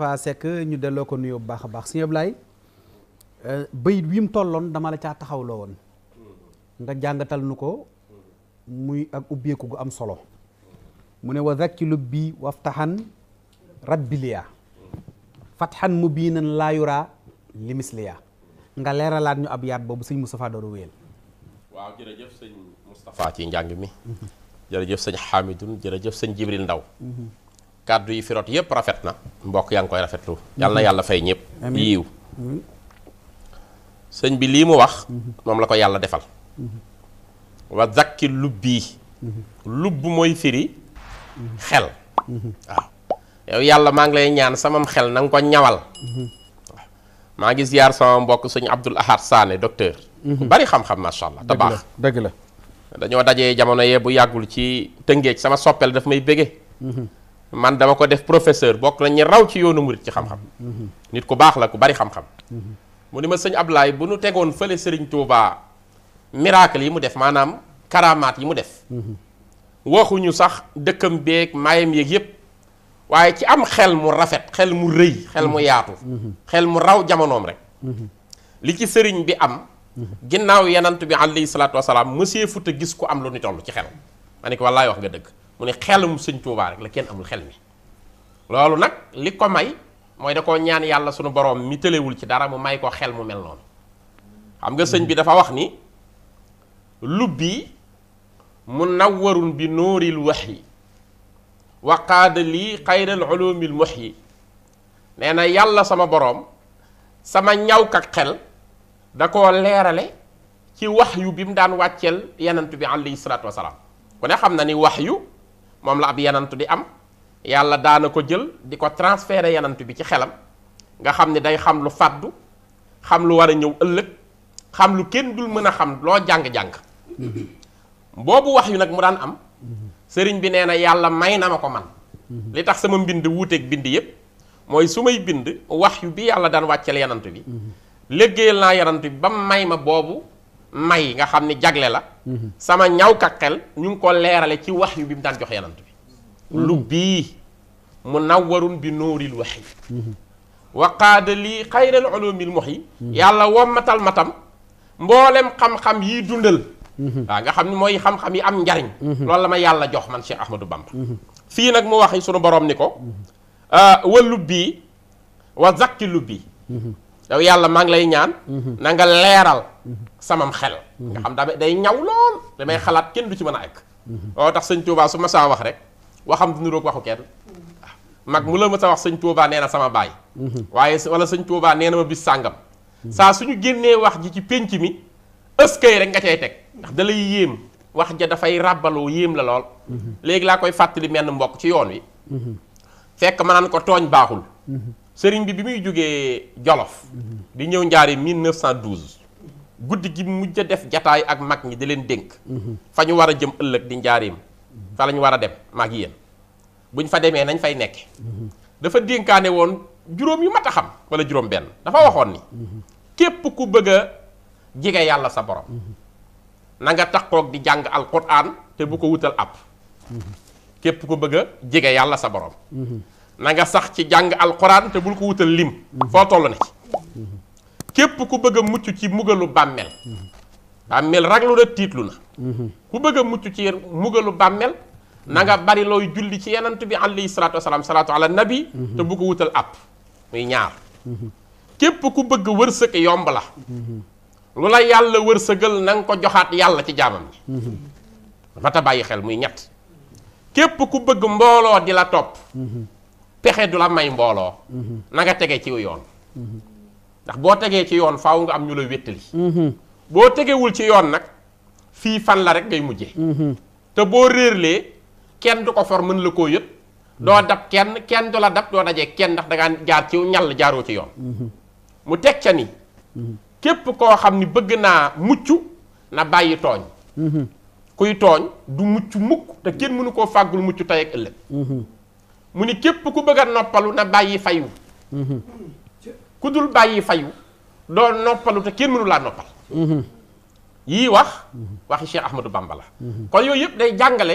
Moustapha Seck ñu delloo ko nuyoo bu baax a baax sëñ Ablaye euh, bayit wi mu tolloon dama la caa taxawloo woon nga jàngatal nu ko muy ak ubbeeku gu am solo mu ne wa zakki lubbi waftahan rabbiliya fathan mubinan laa yuraa limisliya nga leeralaat ñu ab yaat boobu sëñ Moustapha dooru wéyal waaw jërëjëf sëñ Moustapha ci njàng mi mm-hmm. jërëjëf sëñ Hamidun jërëjëf sëñ Jibril Ndaw mm-hmm. kàddu yi fi rot yëpp rafet na mbokk yaa ngi koy rafetlu yàlla na yàlla fay ñëpp yiiw sëñ bi lii mu wax mhm. moom la ko yàlla defal mhm. wa zakki lubbii mhm. lubb mooy firi xel waaw yàlla maa ngi lay ñaan sama xel na ko ñawal maa ngi ziar sama mbokk sëñ Abdul Ahad Saane docteur ku bari xam-xam macha allah te dañoo dajee jamono yee bu yàggul ci tëngeej sama soppeel daf may bége man dama ko def professeur bokk nañ raw ci yoonu murit ci xam-xam nit ku baax la ku bari xam-xam mu ni ma sëñ Ablaay bu nu tegoon fële sëriñ Touba miracle yi mu def maanaam karaamaat yi mu def waxuñu sax dëkkam beeg maayam yeeg yépp waaye ci am xel mu rafet xel mu rëy xel mu yaatu xel mu raw jamonoom rek li ci sëriñ bi am ginnaaw yenant bi alayhi salaatu wasalaam mësee futa gis ku am lu ñu toll ci xel ma ne ko wallaay wax nga dëkk mu ne mu sëñ Tuubaa rek la kenn amul xel mi loolu nag li ko may mooy da koo ñaan yàlla suñu borom mi tëlewul ci dara mu may ko xel mu mel noonu xam nga sëñ bi dafa wax ni lu lubbi mu nawwarun bi nóoril wax yi qaada lii xayral ulumil yi nee na yàlla sama boroom sama ñawkat xel da koo leerale ci wax yu bi mu daan wàcceel yenant bi alayhi salaatu wasalaam ku ne xam na ni wax yu moom la ab yanantu di am yàlla daana ko jël di ko transféré yanantu bi ci xelam nga xam ne day xam lu fàddu xam lu war a ñëw ëllëg xam lu kenn dul mën a xam loo jàng-jàng boobu wax yu nag mu daan am sëriñ bi nee na yàlla may na ma ko man li tax sama mbind wuuteeg bind yépp mooy su may bind wax yu bi yàlla daan wàcceel yanantu bi liggéeyal naa yanantu bi ba may ma boobu may nga xam ni jagle la mhm. sama ñaw ka xel ñu ngi ko leerale ci wax yu bi mu daan jox yanant bi mhm. lu bii mu nawwarun bi nóoril wax yi mhm. wa qaada lii xayral ulumil mox yi matam mboolem xam-xam yi dundal waaw nga xam ni mooy xam-xam yi am njariñ loolu la ma yàlla jox man Cheikh Ahmadou Bamba fii nag mu wax sunu borom ni ko ah, wa lubbi wa zakki lubbi yàlla maa ngi lay ñaan na leeral samam xel mhm. nga xam daa day ñaw lool damay mhm. xalaat kenn du ci mën a egg mhm. oo tax sëñ Touba su ma saa wax rek waxam du niroog waxu kenn mag mu la ma sa wax sëñ Touba nee na sama baay waaye wala sëñ Touba nee na ma bis sàngam saa suñu génnee wax ji ci pénc mi ëskay rek nga cay teg ndax da lay yéem wax ja dafay ràbbaloo yéem la lool léegi laa koy fàttali menn mbokk ci yoon wi fekk ma naan ko tooñ baaxul sëriñ bi bi muy jógee Jolof di ñëw njaari 1912 guddi gi mujj def jataay ak mag ñi di leen dénk fa ñu war a jëm ëllëg di njaareem fa la war a dem mag yéen buñ fa demee nañ fay nekk dafa dénkaane woon juróom yu mat a xam wala juróom benn dafa waxoon ni képp ku bëgg a jege yàlla sa borom na nga takkoog di jàng alquran te bu ko wutal ab képp ku bëgg a jege yàlla sa borom na nga sax ci jàng alquran te bul ko wutal lim foo toll na képp ku bëgg mucc ci mugalu bàmmeel bàmmeel raglu na tiitlu na ku bëgg a mucc ci mugalu bàmmeel na bari looy julli ci yenant bi alayhi salaatu wasalaam salaatu ala nabi te bu ko wutal app muy ñaar képp ku bëgg wërsëg yomb la lu la yàlla wërsëgal na nga ko joxaat yàlla ci jaamam bi dafa bàyyi xel muy ñett képp ku bëgg mbooloo di la topp pexe du la may mbooloo na nga tege ci yoon ndax boo tegee ci yoon faw nga am ñu la wéttali boo tegewul ci yoon nag fii fan la rek ngay mujjee te boo réerlee kenn du ko for mën la koo yëpp doo dab kenn kenn du la dab doo dajee kenn ndax dangaa ngaa jaar ci ñàll jaaroo ci yoon mu teg ca ni képp koo xam ni bëgg naa mucc na bàyyi tooñ kuy tooñ du mucc mukk te kenn mënu koo fàggul mucc tey ak ëllëg mu ni képp ku bëgg noppalu na bàyyi fayu ku dul bàyyi fayu doo noppalu te kenn mënu laa noppal mhm. yii wax waxi Cheikh Ahmadou Bamba la mhm. kon yooyu yëpp day jàngale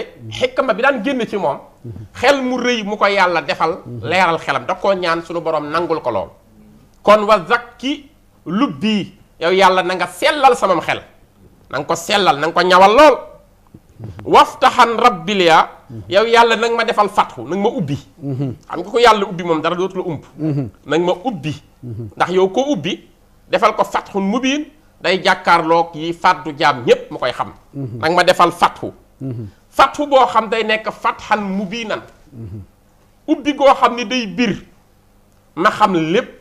ma bi daan génn ci moom mhm. xel mu rëy mu ko yàlla defal leeral xelam da koo ñaan suñu borom nangul ko lool kon wa zakki lub bii yow yàlla na nga sellal samam xel na ko sellal na ko ñawal lool waftaxan rabbil yaa yow yàlla nag ma defal fatxu nag ma ubbi xam nga ko yàlla ubbi moom dara dootu la ump nag ma ubbi ndax yow ko ubbi defal ko fatxun mubiin day jàkkaarloog yi fàddu jaam ñépp ma koy xam nag ma defal fatxu fatxu boo xam day nekk fatxan mubiinan ubbi goo xam ni day bir ma xam lépp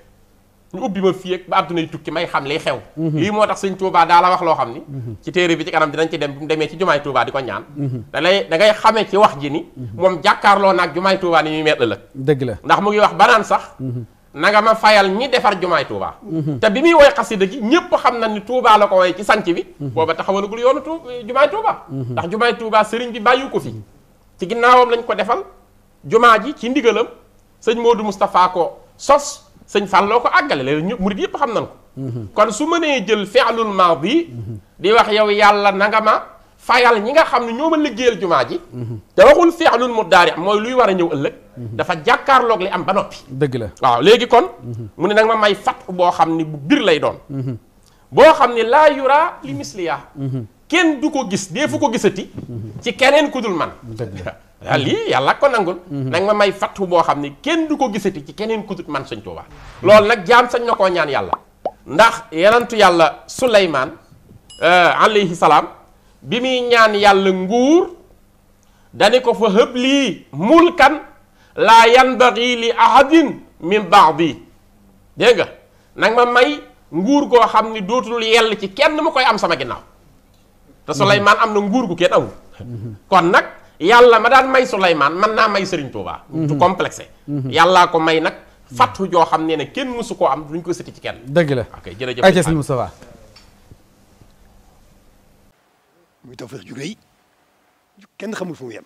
lu ubbi ma fii ak ba àddunay tukki xew mhm. lii moo tax sëñ Touba daa wax loo xam ni mhm. ci téere bi ci kanam dinañ ci dem bi mu demee ci jumaay mhm. wax ji ni moom jàkkaarloo naag jumaay Touba ni muy meet ëllëg dëgg la ndax mu ngi wax banaan sax na nga ma fayal ñi defar jumaay Touba te bi muy woy xasida gi ñëpp xam na ni Touba la ko woy ci sanc bi booba taxawalagul yoonu tu jumaay Touba ndax jumaay Touba sëriñ bi bàyyu ko fi ci ginnaawam lañ ko defal jumaa ji ci ndigalam sëñ Modou Moustapha ko sos sëñ Fall ko àggale léegi ñu murid yëpp xam nañ ko. kon su mënee jël fi'lul bi di wax yow yàlla na nga ma fayal ñi nga xam ne ñoo ma liggéeyal jumaa ji. te waxul fi'lul mudaari mooy luy war a ñëw ëllëg. dafa jàkkaarloog li am ba noppi. dëgg la waaw léegi kon. mu ne nag may fat boo xam ni bu bir lay doon. boo xam ni laa yuraa li misliyaa. kenn du ko gis dee fu ko gisati. ci keneen ku dul man. dëgg waaw ah, mhm. lii yàlla ko nangul mhm. nag ma may fattu boo xam ni kenn du ko gisati ci keneen ku dut man sëñ Tuubaa loolu nag jaam sañ na koo ñaan yàlla ndax yenentu yàlla Suleymaan euh, alayhi salaam bi muy ñaan yàlla nguur dani ko fa hëb lii mulkan laa yanbaghi li ahadin min ba'di dégg nga nag ma may nguur goo xam ni dootul yell ci kenn mu koy am sama ginnaaw te mhm. Suleymaan am na nguur gu kenn amul kon nag yàlla ma daan may Souleymane man naa may Serigne Touba. Mhm. du complexé. Mhm. yàllaa ko may nag fàttu joo xam ne ne kenn mësu koo am duñ ko sëti ci kenn. dëgg la ok jërëjëf ayca sëñ Moustapha. muy Tawfekh ju rëy kenn xamul fu mu yem.